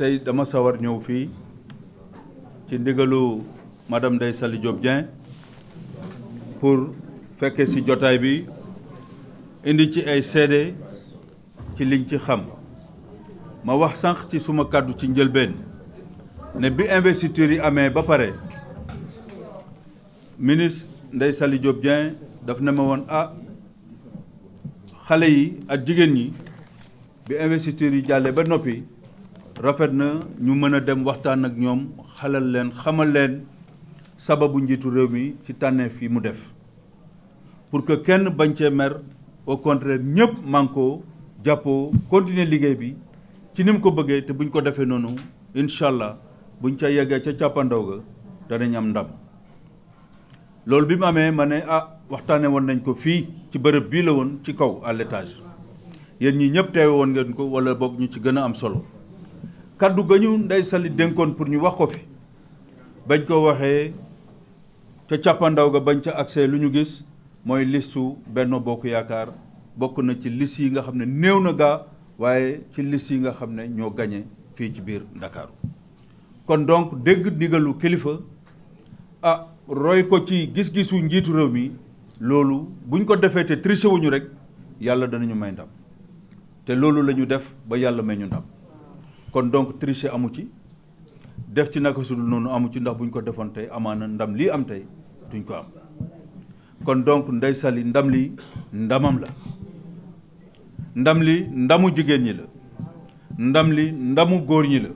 tey dama sawar ñëw fii ci ndigalu madame Ndeye Saly Diop Dieng pour fekke ci jotaay bi indi ci ay seede ci liñ ci xam ma wax sànq ci suma kàddu ci njëlbeen ne bi investiture yi amee ba pare ministre Ndeye Saly Diop Dieng daf ne ma woon ah xale yi ak jigéen ñi bi investiture yi jàllee ba noppi rafet na ñu mën a dem waxtaan ak ñoom xalal leen xamal leen sababu njiitu réew mi ci tànneef yi mu def pour que kenn bañ cee mer au contraire ñëpp mànkoo jàppoo continuer liggéey bi ci ni mu ko bëggee te buñ ko defee noonu incha allah buñ ca yeggee ca càppandaw ga danañ am ndam loolu bi mu amee ma ne ah waxtaane woon nañ ko fii ci bërëb bii la woon ci kaw à l'étage yéen ñi ñëpp teewe woon ngeen ko wala boog ñu ci gën a am solo kàddu ga ñu nday sali dénkoon pour ñu wax ko fi bañ ko waxee ca càppandaw ga bañ ca accès lu ñu gis mooy listu benn Bokk Yaakaar bokk na ci list yi nga xam ne néew na gaa waaye ci list yi nga xam ne ñoo gañe fii ci biir Ndakaaru kon donc dégg ndigalu kilifa ah roy ko ci gis-gisu njiitu réew mi loolu buñ ko defee te triché wuñu rek yàlla danañu may ndam te loolu lañu def ba yàlla may ñu ndam kon donc tricher amu ci def ci naka sudul noonu amu ci ndax bu ñu ko defoon tey amaana ndam lii am tey duñ ko am kon donc Ndeye Saly ndam li ndamam la ndam li ndamu jigéen ñi la ndam li ndamu góor ñi la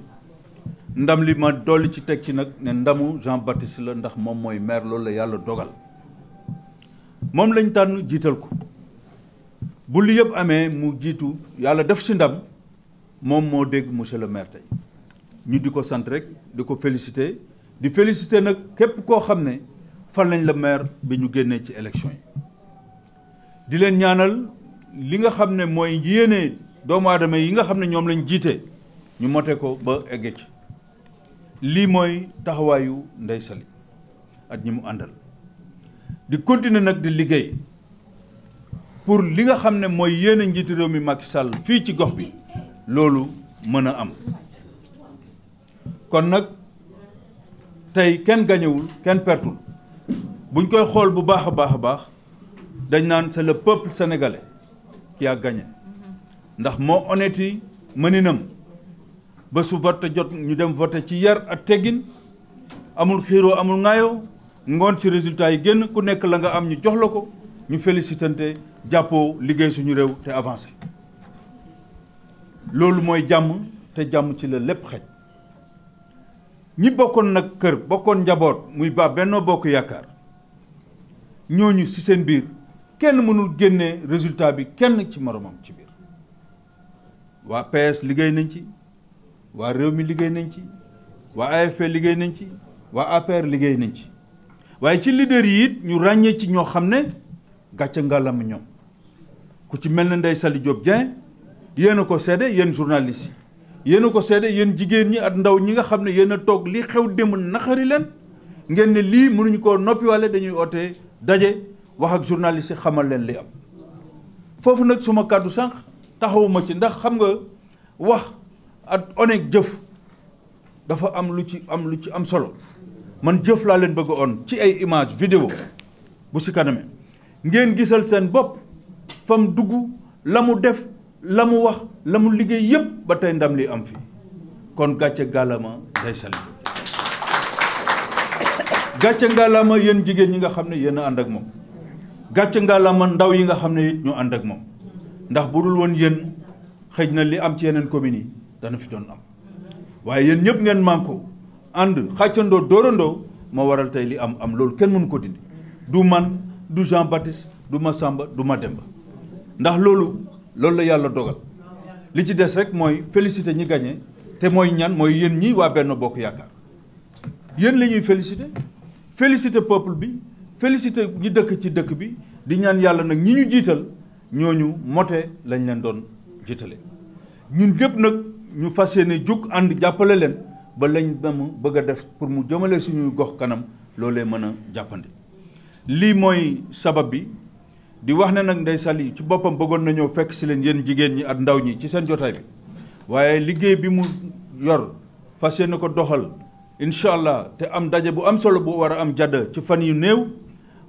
ndam li ma dolli ci teg ci nag ne ndamu Jean Baptiste la ndax moom mooy maire loolu la yàlla dogal moom lañ tànn jiital ko bu li yëpp amee mu jiitu yàlla def si ndam moom moo dégg monsieur le maire tey ñu di ko sant rek di ko féliciter di féliciter nag képp koo xam ne fal nañ la maire bi ñu génnee ci élection yi di leen ñaanal li nga xam ne mooy yéene doomu aadama yi nga xam ne ñoom lañ jiite ñu mote ko ba egge ci lii mooy taxawaayu Ndeye Saly ak ñi mu àndal di continuer nag di liggéey pour li nga xam ne mooy yéene njiitu réew mi Macky Sall fii ci gox bi loolu mën a am kon nag tey kenn gañewul kenn pertul buñ koy xool bu baax a baax a baax dañ naan c'est le peuple sénégalais qui a ndax moo honnête yi mëninam ba su vote jot ñu dem vote ci yar ak teggin amul xiiroo amul ŋaayoo ngoon si résultat yi génn ku nekk la nga am ñu jox la ko ñu félicitante jàppoo liggéey suñu réew te avancé loolu mooy jàmm te jàmm ci la lépp xaj ñi bokkoon nag kër bokkoon njaboot muy baa Benno Bokk Yaakaar ñooñu ci seen biir kenn mënul génne résultat bi kenn ci moroomam ci biir waa PS liggéey nañ ci waa réew mi liggéey nañ ci waa AFP liggéey nañ ci waa APR liggéey nañ ci waaye ci leader yi ñu ràññee ci ñoo xam ne gàcce ngàllam ñoom ku ci mel ne Ndeye Saly Diop yéen ko seede yéen journaliste yi yéen ko seede yéen jigéen ñi ak ndaw ñi nga xam ne yéen a toog li xew démb naxari leen ngeen ne lii mënuñu koo noppiwale dañuy oote daje wax ak journaliste yi xamal leen li am foofu nag suma kàddu sànq taxawuma ci ndax xam nga wax ak onek jëf dafa am lu ci am lu ci am solo man jëf laa leen bëgg on ci ay image vidéo bu si kaname ngeen gisal seen bopp fam dugg la mu def la mu wax la mu liggéey yëpp ba tey ndam li am fi kon gàcce gàllama day sali gàcce ngàllama yéen jigéen ñi nga xam ne yéen a ànd ak moom gàcce ngàllama ndaw yi nga xam ne it ñu ànd ak moom ndax bu dul woon yéen xëj na li am ci yeneen communes yi dana fi doon am waaye yéen yépp ngeen mànkoo ànd xàccandoo dóorandoo moo waral tey li am am loolu kenn mënu ko dindi du man du Jean Baptiste du Massamba du Mademba ndax loolu loolu la yàlla dogal li ci des rek mooy félicité ñi gagné te mooy ñan mooy yéen ñi waa benn bokk yaakaar yéen la ñuy félicité félicité peuple bi félicité ñi dëkk ci dëkk bi di ñaan yàlla nag ñi ñu jiital ñoo ñu mote lañ leen doon jiitale ñun ñëpp nag ñu fas yéene jug ànd jàppale leen ba lañ dem bëgg a def pour mu jëmale suñuy gox kanam loolee mën a jàppandi lii mooy sabab bi di wax ne nag Ndeye Saly ci boppam bëggoon na ñëw fekk si leen yéen jigéen ñi ak ndaw ñi ci seen jotaay bi waaye liggéey bi mu yor fas yéene ko doxal incha allah te am daje bu am solo bu war a am jàdd ci fan yu néew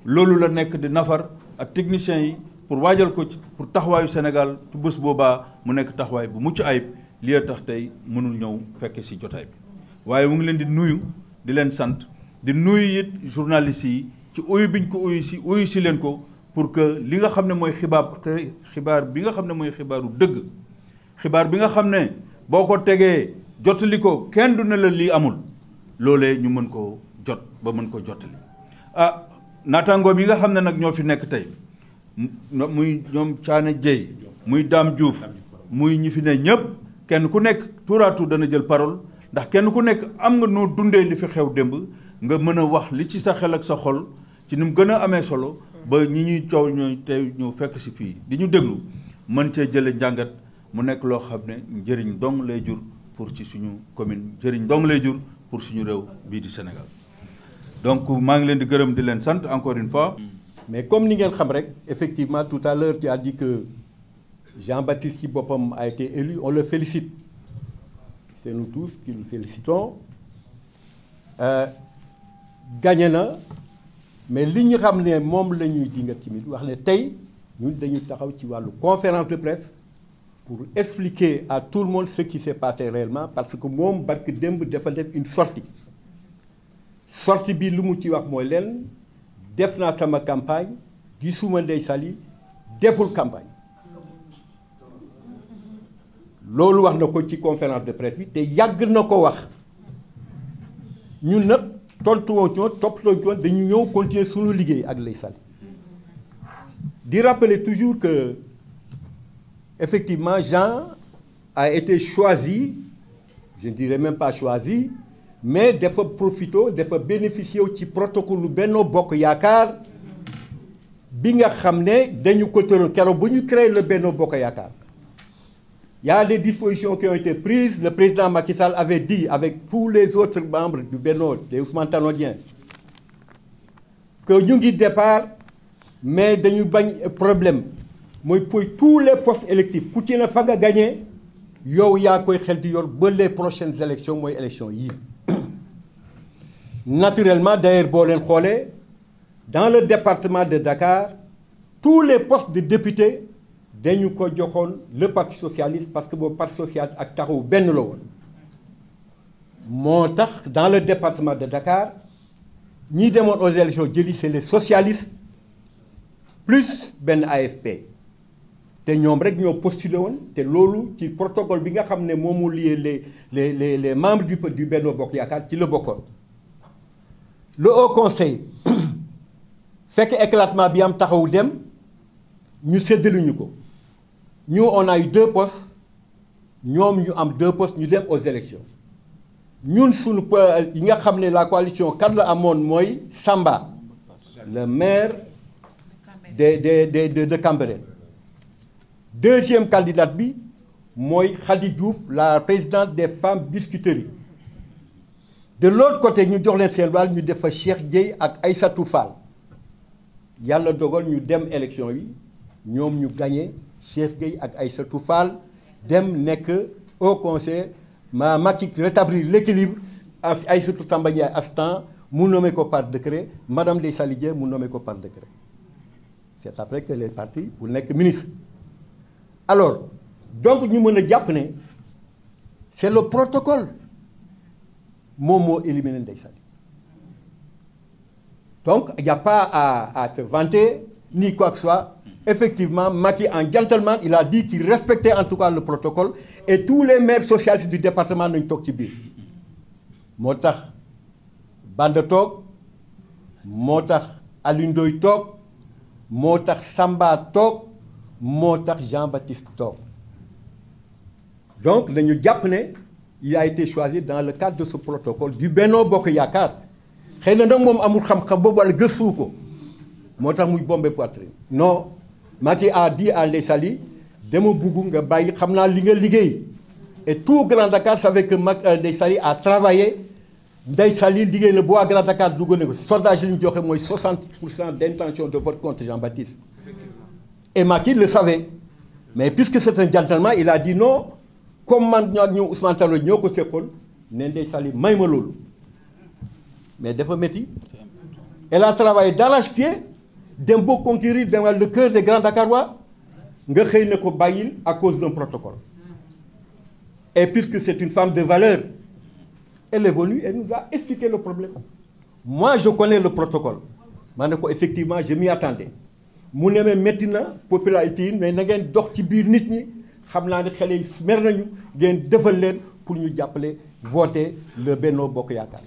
loolu la nekk di nafar ak techniciens yi pour waajal ko ci pour taxawaayu Sénégal ci bés boobaa mu nekk taxawaay bu mucc ayib li tax tey mënul ñëw fekke si jotaay bi waaye mu ngi leen di nuyu di leen sant di nuyu it journalistes yi ci uyu biñ ko uyu si leen ko. pour que li nga xam ne mooy xibaar xibaar bi nga xam ne mooy xibaaru dëgg xibaar bi nga xam ne boo ko tegee jottali ko kenn du ne la lii amul loole ñu mën koo jot ba mën ko jottali ah naataangoom yi nga xam ne nag ñoo fi nekk tey muy ñoom Caane Jeey muy Daam Diouf muy ñi fi ne ñëpp kenn ku nekk tour dana jël parole ndax kenn ku nekk am nga noo dundee li fi xew démb nga mën a wax li ci sa xel ak sa xol ci ni mu gën a amee solo ba ñi ñuy coow ñooy tey ñëw fekk si fii di ñu déglu mën cee jële njàngat mu nekk loo xam ne njëriñ dong lay jur pour ci suñu commune njëriñ dong lay jur pour suñu réew bii di Sénégal donc maa ngi leen di gërëm di leen sant encore une fois mais comme ni ngeen xam rek effectivement tout à l'heure tu as dit que Jean-Baptiste qui boppam a été élu on le félicite c'est nous tous qui le félicitons euh, na mais li ñu xam ne moom la ñuy dinga timit wax ne tey ñun dañu taxaw ci wàllu conférence de presse pour expliquer à tout le monde ce qui s'est passé réellement parce que moom barke démb dafa def une sortie sortie bi lu mu ci wax mooy leen def naa sama campagne gisuma Ndeye Saly deful campagne loolu wax na ko ci conférence de presse bi te yàgg na ko wax ñun nag tontu woo ci woon toppatoo ci dañu ñëw continuer suñu liggéey ak lay sal di rappeler toujours que effectivement Jean a été choisi je ne dirais même pas choisi mais dafa profité dafa bénéficié wu ci lu Benno Bokk Yaakaar bi nga xam ne dañu ko keroog bu ñu créer le Benno Bokk Yaakaar Il y a des dispositions qui ont été prises. Le président Macky avait dit, avec tous les autres membres du Bénin, des Ousmane Tanodiens, que ñu ngi départ, mais nous bañ problème. mooy pour tous les postes électifs, pour qu'il faga gagner, yow yaa koy xel di yor ba les prochaines mooy élections yi naturellement d'ailleurs boo leen xoolee dans le département de Dakar tous les postes de députés dañu ko joxoon le parti socialiste parce que boobu parti socialiste ak taxawu benn la woon moo tax dans le département de Dakar ñi demoon aux élections jëli c'est les socialistes plus benn AFP te ñoom rek ñoo postulé woon te loolu ci protocole bi nga xam ne moom moo le les les les membre membres du du Benno Bokk Yaakaar ci la bokkoon le haut conseil fekk éclatement bi am taxawu dem ñu séddaluñu ko. ñu on a eu deux postes ñoom ñu am deux postes ñu dem aux élections ñun suñu yi nga xam ne la coalition kat la amoon mooy Samba le maire de de de de de Cambérène deuxième candidate bi mooy Khady Diouf la présidente des femmes biscuiteries de l'autre côté ñu jox leen seen wàll ñu def fa Cheikh Dieye ak Aïssatou Fall yàlla dogal ñu dem élection yi ñoom ñu gagné. Cheikh Gueye ak Aïssatou Fall dem nekk au conseil ma Macky rétablir l'équilibre as Aïssatou Tamba Ndiaye assistant mu nommé ko par décret madame Ndèye Saly Dieng mu nommé ko par décret c'est après que les partis bu nekk ministre alors donc ñu mën a jàpp ne c'est le protocole moom moo éliminé Ndèye Saly donc il a se vanter ni quoi que soit effectivement, Maki, en gentleman, il a dit qu'il respectait en tout cas le protocole et tous les maires socialistes du département n'ont pas été Motax, Bande Tok, Motax, Alundoy Tok, Motax, Samba moo Motax, Jean-Baptiste Tok. Donc, jàpp ne il a été choisi dans le cadre de ce protocole bokk yaakaar xëy na du moom amul Il a été choisi dans le cadre de ce protocole. Non, Macky a dit à Ndeye Saly dama bugg nga bàyyi xam naa li nga liggéey et tout Grand Dakar savait que Macky Ndeye euh, Saly a travaillé Ndeye Saly liggéey na boo waa Grand Dakar dugg na ko sondage yi ñu joxe mooy 60 pour cent d' intention de vote contre Jean-Baptiste et Macky le savait mais puisque c' est un gentleman il a dit non comme man ñoo ak ñoom Ousmane Tanor ñoo ko seqoon ne Ndeye Saly may ma loolu mais dafa métti elle a travaillé d'arrache-pied dem boo conquérir dans le de des grands Dakarois nga xëy na ko bàyyil à cause d'un protocole et puisque c'est une femme de valeur elle est venue elle nous a le problème moi je connais le protocole ma ne ko effectivement je m'y attendais mu ne ma métti na popularité yi mais na ngeen dox ci biir nit ñi xam naa ne xale yi mer nañu ngeen defal leen pour ñu jàppale voter le Benno Bokk Yaakaar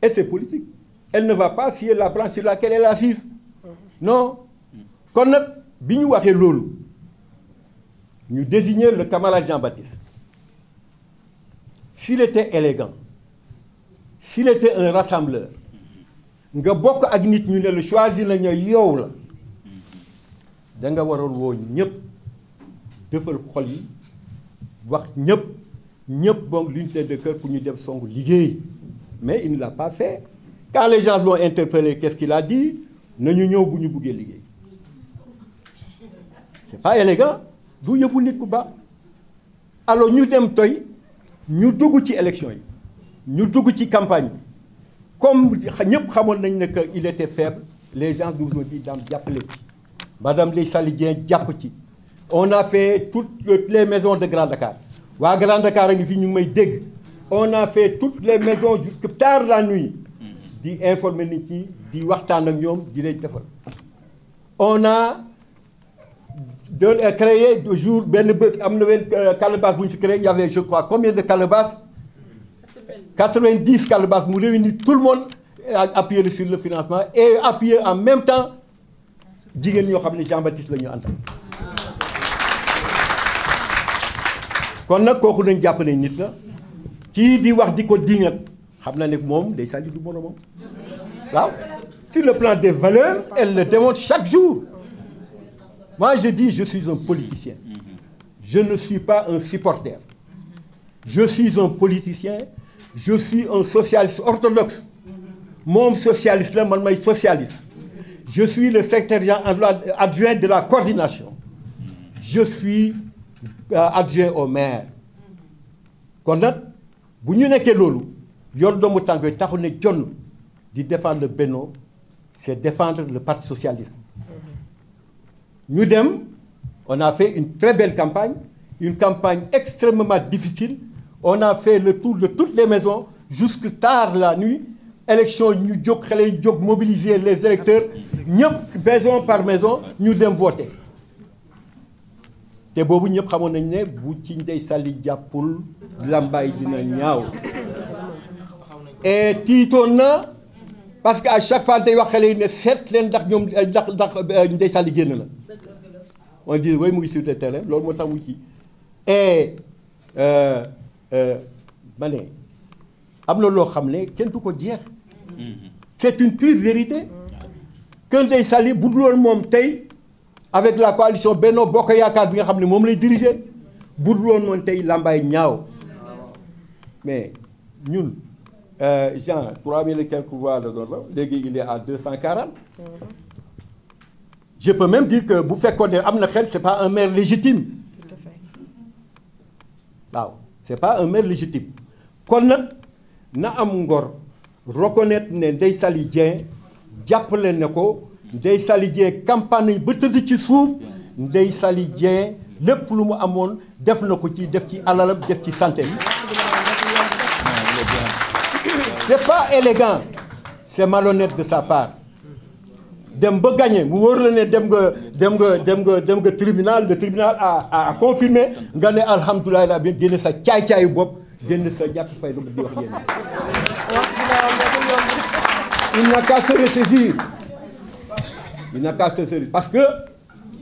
et c'est politique elle ne va pas scier la branche sur laquelle elle non kon nag bi ñu waxee loolu ñu désigner le camarade Jean-Baptiste s'il était élégant s'il était un rassembleur nga bokk ak nit ñu ne la choisir nañu yow la da nga waroon woo ñëpp defal xol yi wax ñëpp ñëpp boog l'unité de kër ku ñu def songu liggéey mais il ne l'a pas fait quand les gens l'ont interpellé qu'est-ce qu'il a dit ñu ñëw bu ñu buggee liggéey c'est pas élégant du yëfu nit ku baax alors ñu dem toy ñu dugg ci élection yi ñu dugg ci campagne bi comme ñëpp xamoon nañ ne que il était faible les gens nous ont dit daam jàppale ci madame Ndeye Saly jàpp ci on a fait toutes les maisons de grande Dakar waa Grand Dakar a ngi fii ñu ngi may dégg on a fait toutes les maisons jusque tard la nuit di informer nit ci di waxtaan ak ñoom di leen defal on a doon euh, créé jour benn bés am na benn euh, calebasse bu ñu fi créé y avait je crois combien de calebasses 90 calebasses mu réunir tout le monde appuyé sur le financement et appuyé en même temps jigéen ñoo xam ne Jean Baptiste la ñu àndal kon nag kooku nañ jàpp nit la ci di wax di ko diingat xam na ne moom day sànni du moromam waaw Sur le plan des valeurs, elle le démontre chaque jour. Moi, je dis, je suis un politicien. Je ne suis pas un supporter. Je suis un politicien. Je suis un socialiste orthodoxe. Mon socialiste, là, moi, socialiste. Je suis le secrétaire adjoint de la coordination. Je suis euh, adjoint au maire. kon nag bu ñu nekkee loolu yor doomu tànk yooyu ne jonn di défendre le Benno c'est défendre le parti socialiste ñu dem on a fait une très belle campagne une campagne extrêmement difficile on a fait le tour de toutes les maisons jusque tard la nuit élection ñu jóg xale yi jóg les électeurs ñëpp maison par maison ñu dem voter te boobu ñëpp xamoon nañu ne bu ci Ndeye Sali jàppul làmbaay dina ñaaw et tiitoon na parce que à chaque fois day wax xale yi seet leen ndax ñoom euh, ndax ndax euh, Ndeye Saly génn na on dit oui mu ngi sur le terrain loolu moo tax mu ci et euh, am na loo xam ne kenn tu ko jeex c'est une pure vérité que Ndeye Saly bu dul woon moom tey avec la coalition Benno Bokk Yaakaar bi nga xam ne moom lay diriger bu dul woon moom tey làmbaay ñaaw mais ñun euh, Jean 3000 et quelques voix la léegi il est à 240. Mmh. bu fekkoon ne am na xel c'est pas un maire légitime. tout à fait. waaw c'est pas un maire légitime. kon nag na am ngor reconnaître ne Ndeye Saly Dieng jàppale ne ko Ndeye Saly Dieng campagne yi ba tëdd ci suuf Ndeye Saly Dieng lépp lu mu amoon def na ko ci def ci alalam def ci santé bi. c'est pas élégant c'est malhonnête de sa part dem ba gagné mu wóor la ne dem nga dem nga dem nga dem nga tribunal le tribunal a a confirmé nga ne alhamdulilah la bi génne sa caay-caayu bopp génne sa jàpp fay lu di wax yéen il n'a qu'à se ressaisir il n'a qu'à se parce que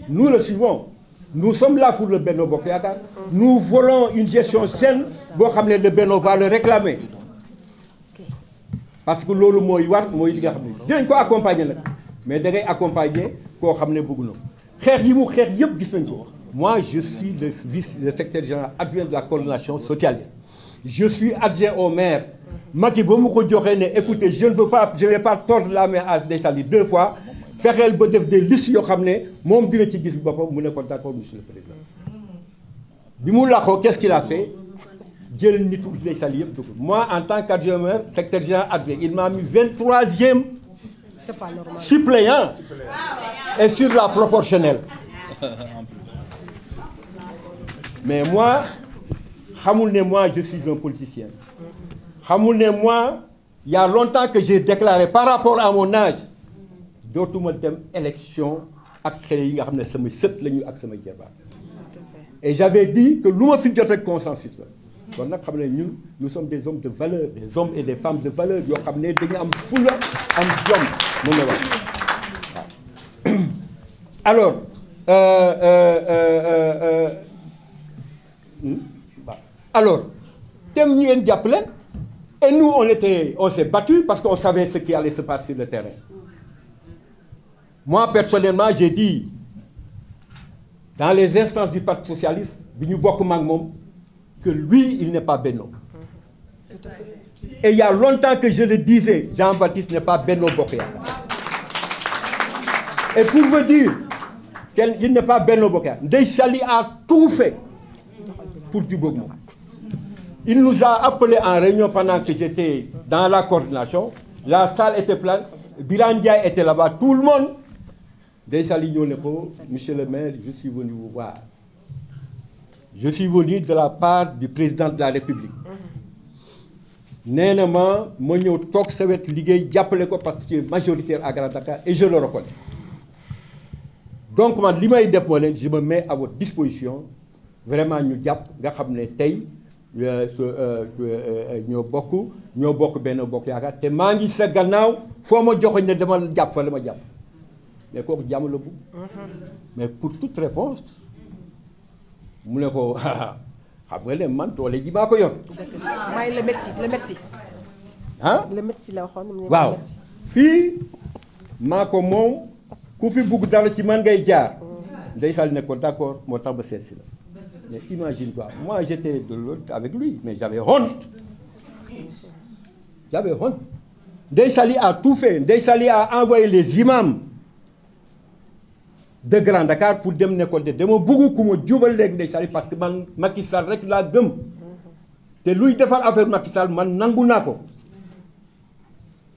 nous le suivons nous sommes là pour le Benno Bokk Yaakaar nous voulons une gestion saine boo xam ne le Benno va le réclamer parce que loolu mooy war mooy li nga xam ne dinañ ko accompagner nag mais da ngay accompagner koo xam ne bëgg na xeex yi mu xeex yëpp gis nañ ko moi je suis le vice le secrétaire général adjoint de la coordination socialiste je suis adjoint au maire Macky ba mu ko joxee ne écoutez je ne veux pas je ne la main à Ndeye Saly deux fois fexel ba def des listes yoo xam ne moom dina ci gis boppam mu ne ko d'accord monsieur le président bi mu làqoo qu'est-ce qu'il a fait jël nitu Idrissa Sall yëpp dugg moi en tant qu'adjoint maire secrétaire général adjoint il m'a mis vingt-troisième suppléant et sur la proportionnelle mais moi xamul ne moi je suis un politicien xamul ne moi il y a longtemps que j'ai déclaré par rapport à mon âge dootuma dem élection ak xale yi nga xam ne sama sët la ñu ak sama jabar et j'avais dit que lu ma fi jot ak consensus kon nag xam ne ñun nous sommes des hommes de valeur des hommes et des femmes de valeur yoo xam ne dañu am fula am jom mën na wax waaw alors euh, euh, euh, euh, euh hmm? alors tem ñu ngeen jàpp leen et nous on était on s'est battu parce qu'on savait ce qui allait se passer sur le terrain moi personnellement j'ai dit dans les instances du parti socialiste bi ñu bokk maag moom que lui, il n'est pas Benno. Et il y longtemps que je le disais, Jean-Baptiste n'est pas Benno Bokéa. Et pour vous dire qu'il n'est pas Benno Bokéa, Ndeychali a tout fait pour Dubogmo. Il nous a appelés en réunion pendant que j'étais dans la coordination. La salle était pleine. Birandia était là-bas. Tout le monde. Ndeychali Nyoleko, monsieur le maire, je suis venu vous voir. je suis venu de la part du président de la république nee na ma ma ñëw toog sa wet liggéey jàppale ko parce que majoritaire à Grand Dakar et je le reconnais donc ma li may def moo leen je me mets à votre disposition vraiment ñu jàpp nga xam ne tey euh, euh, euh, ñoo bokk ñoo bokk benn bokk yaakaar te maa ngi sa gannaaw foo ma joxoñ ne dama jàpp fa la ma jàpp mais kooku jàmm la bu mm-hmm. mais pour toute réponse mu ne ko xam nga ne man doole ji maa ko yor. waaye le médecin le si ah le médecin la waxoon. waaw fii maa ko moom ku fi bugg dara ci man ngay jaar. ndeysaan ne ko d'accord moo tax ba seet si la mais imagine-toi moi j'étais de l'autre avec lui mais j'avais honte j'avais honte Ndeye Saly a tout fait Ndeye Saly a envoyé les imams de Grand Dakar pour dem nekkoon te dama bëgg ku ma jubal léegi ndeysaan parce que man Macky Sall rek laa gëm te luy defar affaire Macky man nangu naa ko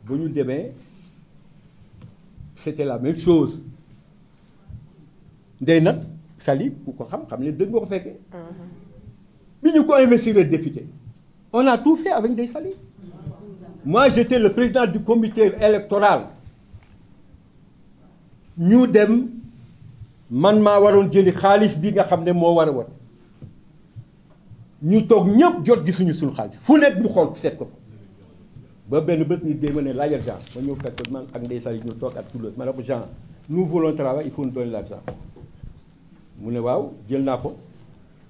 bu ñu demee c'était la même chose ndey nag Sali ku ko xam xam ne dëgg nga ko fekkee bi ñu ko investir député on a tout fait avec Ndeye Sali moi j'étais le président du comité électoral ñu dem man maa waroon jëli xaalis bi nga xam ne moo war a war ñu toog ñëpp jot gisuñu suñu xaalis fu nekk ñu xool seet ko fa ba benn bés nit day ma ne laajal Jean ma ñëw fekk man ak Ndeye Sali ñu toog ak Toulouse ma ne ko Jean nous voulons ne waaw jël naa ko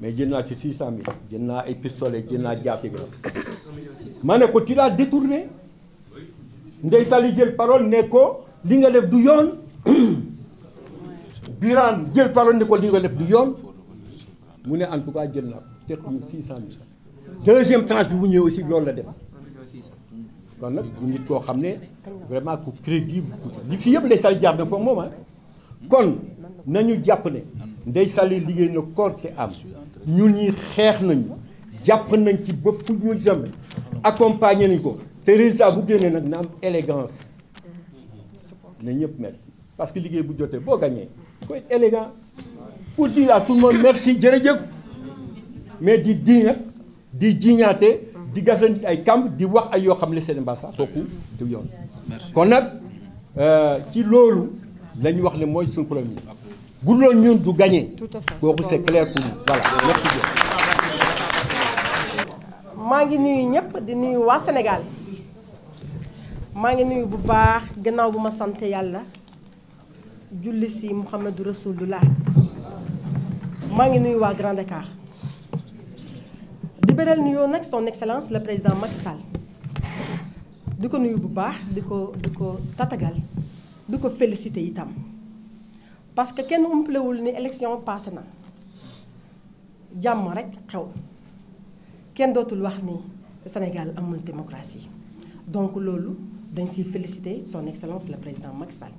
mais jël naa ci 600000 jël naa ay pistolet jël naa jaasi bi ma ne ko tu l'as détourné Sali jël parole ne ko li nga def du yoon. biraan jël parole ni ko li nga def du yoon mu ne en tout cas jël naa ko teg ñu six cent deuxième tranche bi mu ñëwee aussi loolu la def kon nag nit koo xam ne vraiment ku crédible ku li fi yëpp Ndeye Saly jàpp na foofu moom ah kon nañu jàpp ne Ndeye Saly liggéey na corps et âme ñun ñi xeex nañu jàpp nañ ci ba fu ñu jëm accompagner nañ ko te résultat bu génnee nag na am élégance na ñëpp merci parce que liggéey bu jotee boo gañee Il faut être élégant pour dire à tout merci jërëjëf mais di diingat di jiñaate di gasal nit ay kamb di wax ay yoo xam ne seen mbaa sax kooku du yoon kon nag euh, ci loolu la wax ne mooy suñu problème bu loolu ñun du gagné maa ngi nuyu ñëpp di nuyu waa Sénégal maa ngi nuyu bu baax gannaaw bu ma sant yàlla julli si Mouhamadou Rasulullah maa ngi nuyu waa Grand Dakar di beral nuyoo nag son excellence la président Macky Sall di ko nuyu bu baax di ko di ko tatagal di ko félicité itam parce que kenn umpalewul ni élection passé na jàmm rek xew kenn dootul wax ni Sénégal amul démocratie donc loolu dañ siy félicité son excellence la président Macky Sall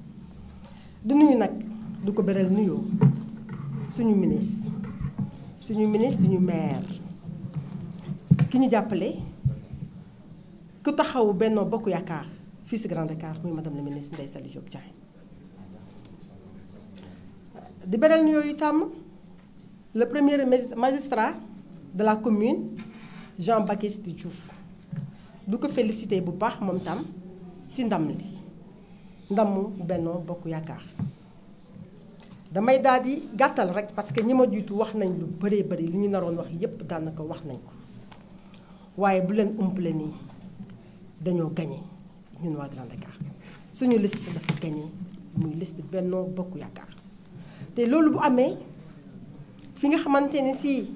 du nuyu nag du ko beral nuyoo suñu ministre suñu ministre suñu maire ki ñu jàppale ku taxawu Benno Bokk Yaakaar fii si Grand Dakar muy dem la ministre Ndeye Saly Diop Dieng di beral nuyoo itam le premier magistrat de la commune Jean Baptiste Diouf du ko félicité bu baax moom tam si ndam li ndamu bennoo Bokk Yaakaar damay daal di gàttal rek parce que ñi ma jiitu wax nañ lu bëree bëri li ñu naroon wax yépp daanaka wax nañ ko waaye bu leen umpale nii dañoo gagné ñun waa Grand Dakar suñu liste dafa gagné muy liste Benno Bokk Yaakaar te loolu bu amee fi nga xamante ni si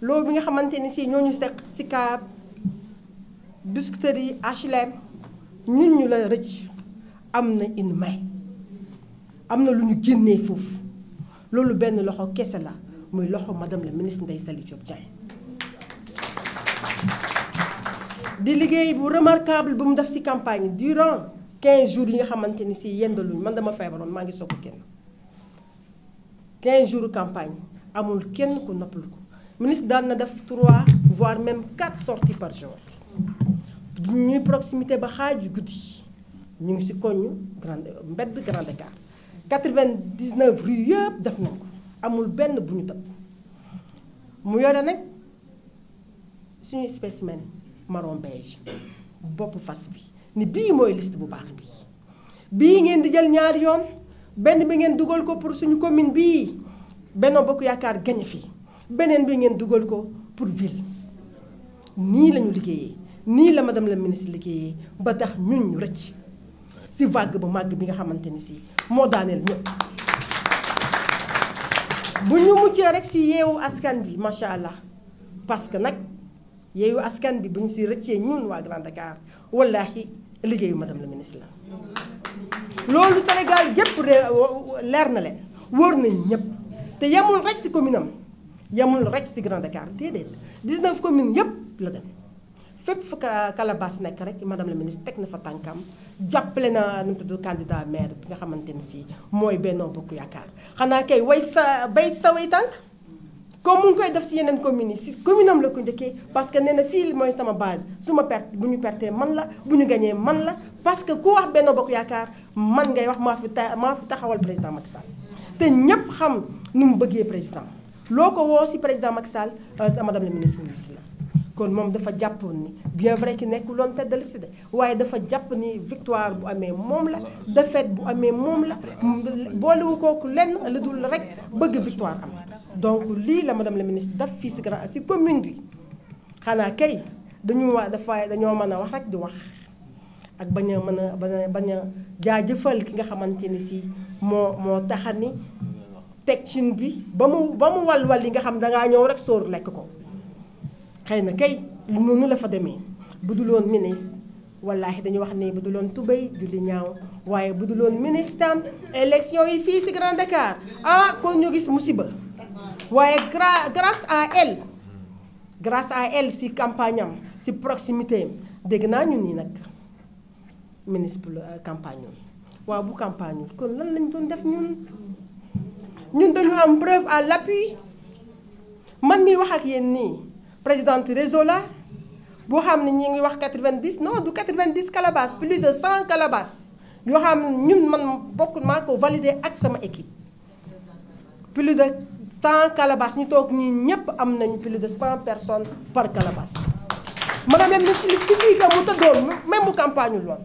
loolu bi nga xamante ni si ñooñu seq Sicap Biscuiterie yi HLM ñun ñu la rëcc. am na une main am na lu ñu génnee foofu loolu benn loxo kese la muy loxo madame la ministre Ndeye Saly Diop Dieng di liggéey bu remarquable bu mu def ci campagne durant 15 jours yi nga xamante ni si yendaluñ man dama feebaroon maa ngi soog kenn quinze jours campagne amul kenn ku noppalu ko ministre daan na def 3 voire même 4 sorties par jour ñuy proximité ba xaaju guddi. ñu ngi si koñu grand mbedd Grand Dakar 99 rue yëpp def nañ ko amul benn bu ñu tëb mu yore nag suñu spécimen marron beige bopp fas bi ni bii mooy liste bu baax bi bii ngeen di jël ñaari yoon benn bi ngeen dugal ko pour suñu commune bii Benno Bokk Yaakaar gañe fii beneen bi ngeen dugal ko pour ville nii lañu liggéeyee nii la ma dem la ministre liggéeyee ba tax ñun ñu rëcc si vague bu màgg bi nga xamante ni si moo daaneel ñëpp bu ñu muccee rek si yeewu askan bi macha allah parce que nag yeewu askan bi bu ñu si rëccee ñun waa Grand Dakar wallaahi liggéeyu madame la ministre la. loolu Sénégal yëpp leer na leen wóor nañ ñëpp te yemul rek si commune am yemul rek si Grand Dakar déedéet 19 commune yëpp la dem. fépp fu ka Calabas nekk rek madame la ministre teg na fa tànkam jàppale na nu mu tudd candidat maire bi nga xamante ne si mooy Benno Bokk Yaakaar xanaa kay way sa bay sa way tànk comme mu ngi koy def si yeneen communes yi si commune am la ko njëkkee parce que nee na fii mooy sama base su ma perte bu ñu pertee man la bu ñu gañee man la parce que ku wax Benno Bokk Yaakaar man ngay wax maa fi ta maa fi taxawal président Macky Sall te ñépp xam nu mu bëggee président loo ko woo si président Macky Sall euh, madame la ministre ñu si la kon moom dafa jàppoon ni bien vrai ki nekk loon tête de de waaye dafa jàpp ni victoire bu amee moom la défaite bu amee moom la boolewu kooku lenn lu dul rek bëgg victoire am donc lii la madame la ministre daf fii si grand si commune bi xanaa kay dañu wax dafa dañoo mën a wax rek di wax ak bañ a mën a bañ a bañ a jaajëfal ki nga xamante ni si moo moo taxani teg cin bi ba mu ba mu walwal yi nga xam dangaa ñëw rek sóor lekk ko xëy na kay noonu la fa demee bu dul woon ministre wallaahi dañu wax ne bu duloon woon tubéy julli ñaaw waaye bu dul woon ministre tam élection yi fii si Grand car ah kon ñu gis musiba waaye gra grâce à elle grâce à elle si campagne si proximité dégg naa ñu nii nag ministre euh, campagne waaw bu campagne kon lan lañ doon def ñun ñun dañu am preuve à l'appui man mi wax ak yéen nii. présidente réseau la boo xam ne ñi ngi wax 90 non du 90 calebasses plus de 100 calebasses yoo xam ne ñun man bokk maa ko validé ak sama équipe plus de 100 calebasses ñu toog ñii ñépp am nañu plus de cent personnes par calebasse maanaam même il suffit que mu tëddoon même bu campagne ul woon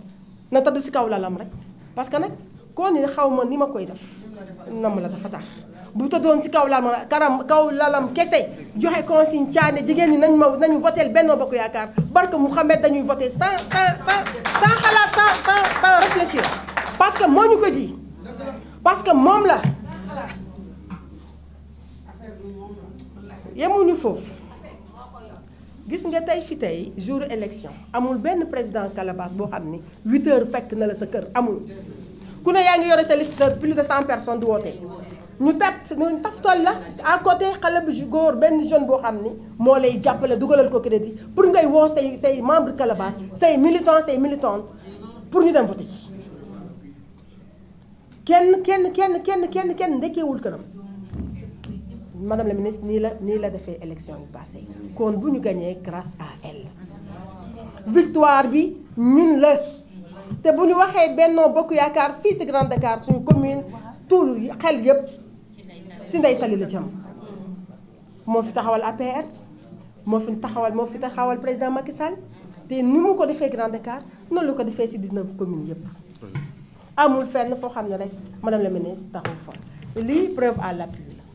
na tëdd si kaw lalam rek parce que nag koo ni xaw ma ni ma koy def nam la dafa tax bu tëddoon si kaw lalam karam kaw lalam kese joxe consigne caane jigéen ñi nañ ma nañu voté Benno Bokk Yaakaar barke Mouhamed dañuy voté sans sans sans sans xalaat sans réfléchir parce que moo ñu que moom la yemuñu foofu gis nga tey fi tey jour élection amul benn président calebasse boo xam ni huit heures fekk na la sa kër amul ku ne yaa ngi yore sa liste de plus de du woote ñu tap ñu taftal la à côté xale bu góor benn jeune boo xam ni moo lay jàppale dugalal ko crédit pour ngay woo say say membre calebasse say militant say militante pour ñu dem voté ji kenn kenn kenn kenn kenn kenn ndekkeewul këram madame la ministre nii la nii la defee élection yu passé kon bu ñu gañee grâce à elle victoire bi ñun la te bu ñu waxee Benno Bokk Yaakaar fii si Grand Dakar suñu commune tout xel yëpp si Ndeye Saly la jëm moo fi taxawal APR moo fi taxawal moo fi taxawal président Macky Sall te ni mu ko defee grande car noonu la ko defee si 19 communes yëpp. amul fenn foo xam ne rek madame la ministre taxaw fa lii preuve à l'appui la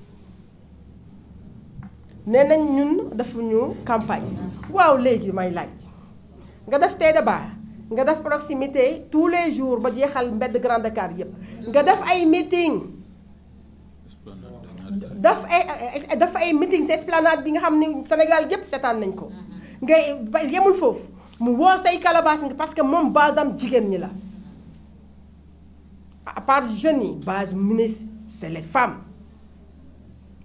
nee nañ ñun ñu campagne waaw léegi may laaj nga def tey de nga def proximité tous les jours ba jeexal mbedd Grand car yëpp nga def ay meeting. daf ay daf ay meeting si esplanade bi nga xam ne Sénégal yépp seetaan nañ ko nga yemul foofu mu woo say calabas parce que moom base jigéen ñi la à part jeunes yi base ministre c'est les femmes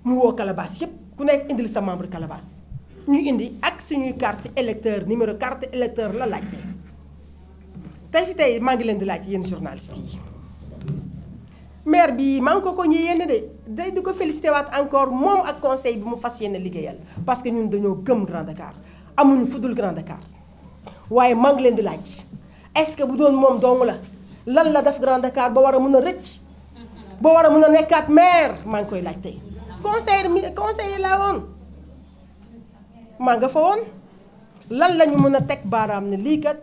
mu woo calabas yépp ku nekk indil sa membre calabas ñu indi ak suñuy carte électeur numéro carte électeur la laajte tey fi tey maa ngi leen di laaj yéen journalistes yi maire bi maa ngi ko ko ñu yéene de day di ko félicité waat encore moom ak conseil bi mu fas yéene liggéeyal parce que ñun dañoo gëm Grand Dakar amuñu fudul Grand Dakar waaye maa ngi leen di laaj est-ce que bu doon moom dong la lan la def Grand Dakar ba war a mun a rëcc ba war a mun a nekkaat maire maa ngi koy laaj tey conseil mi conseiller laa woon maa nga fa woon lan lañu ñu mën a teg baaraam ne lii kat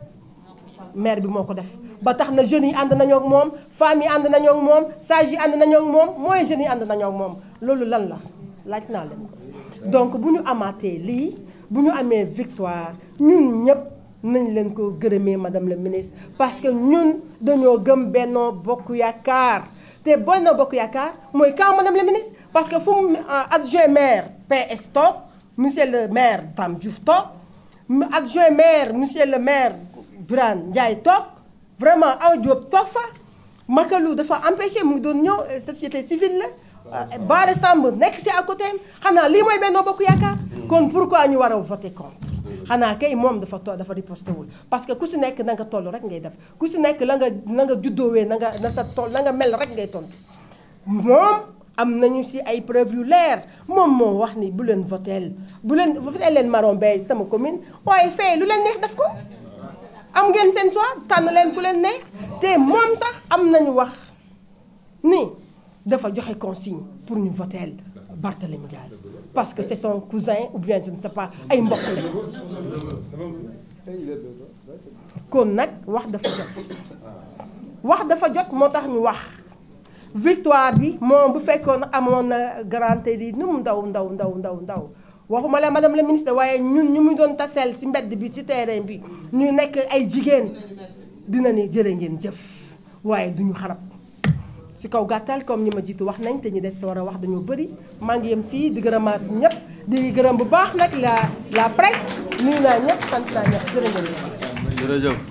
maire bi moo ko def ba tax na jeunes yi ànd nañoo moom femmes yi ànd nañoo moom sages yi ànd nañoo moom mooy jeunes yi ànd nañoo moom loolu lan la laaj naa leen ko donc bu ñu amaatee lii bu ñu amee victoire ñun ñëpp nañ leen ko gërëmee madame la ministre parce que ñun dañoo gëm Benno Bokk Yaakaar te Benno Bokk Yaakaar mooy kaw madame la ministre parce que fu mu euh, adjoint maire PS toog monsieur le maire Dame Diouf toog adjoint maire monsieur le maire Birane Ndiaye toog vraiment Awa Diop toog fa Makalu dafa empêché mu ngi doon ñëw euh, société civile la. Ah, Baare Samb nekk si à côté xanaa lii mooy Benno Bokk Yaakaar. Hmm. kon pourquoi ñu war a voter contre. Hmm. xanaa kay moom dafa to dafa riposté wul parce que ku si nekk na nga toll rek ngay def ku si nekk la nga na nga juddoowee na nga na sa toll na nga mel rek ngay tontu moom. am nañu si ay preuve yu leer moom moo wax ni bu leen voteel bu leen voteel leen Maron Beye sama commune waaye fee lu leen neex def ko am ngeen seen choix tànn leen ku leen neex te moom sax am nañu wax ni dafa joxe consigne pour ñu voter Barthélémy Diaz parce que c'est son cousin ou bien je ne pas ay mbokk kon nag wax dafa jot wax dafa jot moo tax ñu wax victoire bi moom bu fekkoon amoon na garantie di nu mu ndaw ndaw ndaw ndaw ndaw waxuma la madame la ministre waaye ñun ñu muy doon taseel ci mbedd bi ci terrain bi ñu nekk ay jigéen dina ni jëre ngeen jëf waaye duñu xarab ci kaw gàttal comme ñi ma jiitu wax nañ te ñu des war a wax dañoo bëri maa ngi yem fii di gërëmaat ñëpp di gërëm bu baax nag laa la presse nuyu naa ñëpp sant naa ñëpp jërë ngeen jëf